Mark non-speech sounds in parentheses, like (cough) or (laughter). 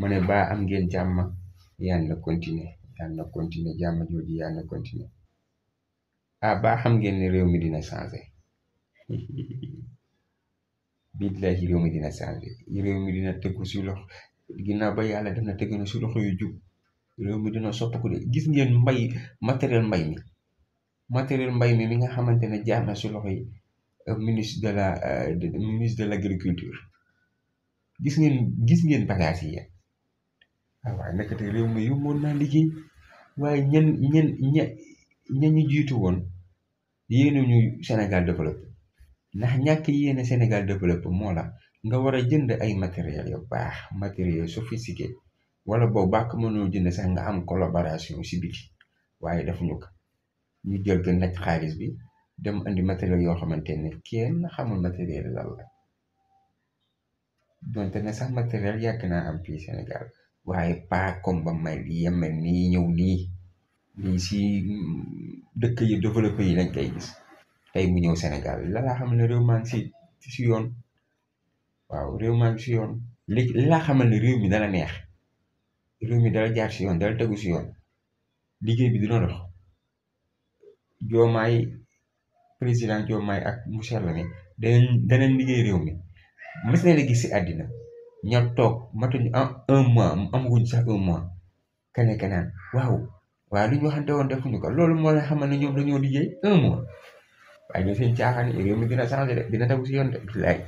mane ne baa am ngeen jàmm yal na continuer yal na continuer jàmm jooju yal na continuer ah, baa xam ngeen ne réew mi dina changer (laughs) billahi réew mi dina changer réew mi dina tegu si loxo ginnaaw ba yàlla def na tegu na si loxo yu jub réew mi dina soppiku de gis ngeen mbay matériel mbay mi matériel mbay mi mi nga xamante ne jaar na si loxo yi euh, ministre de la euh, ministre de l'agriculture gis ngeen gis ngeen bagages waaw ah, waaye nekkate réew mi yomboon naa liggéey waaye ñen ñen ña ña ñu jiitu woon yéene ñu Sénégal développé ndax ñàkk yéene Sénégal développé moo la nga war a jënd ay matériels yu baax matériels sophistiqué wala boobu bàkk mënoo jënd sax nga am collaboration si biti waaye defuñu ko ñu jël gën naj xaalis bi dem andi matériel yoo xamante ne kenn xamul matériel lan la donte ne sax matériel yàgg naa am fii Sénégal waaye pas comme ba mel yemme nii ñëw nii nii si dëkk yu développé yi lañ koy gis tey mu ñëw Sénégal la laa xamal ne réew maa ngi si si yoon waaw réew man ngi si yoon li laa xamal réew mi dala neex réew mi dala jaar si yoon dala tegu si yoon liggéey bi dina dox Diomaye président Diomaye ak mu seetlu ne danañ liggéey réew mi mas la gis ñoo toog matuñu am un mois amaguñ sax un mois ka nekk naan waaw waaye lu ñu waxante woon defuñu loolu moo la xamal ne ñoom dañoo liggéey un mois waaye ñoo seen caaxaan réew mi dina changé de dina tegu si yoon de bilaay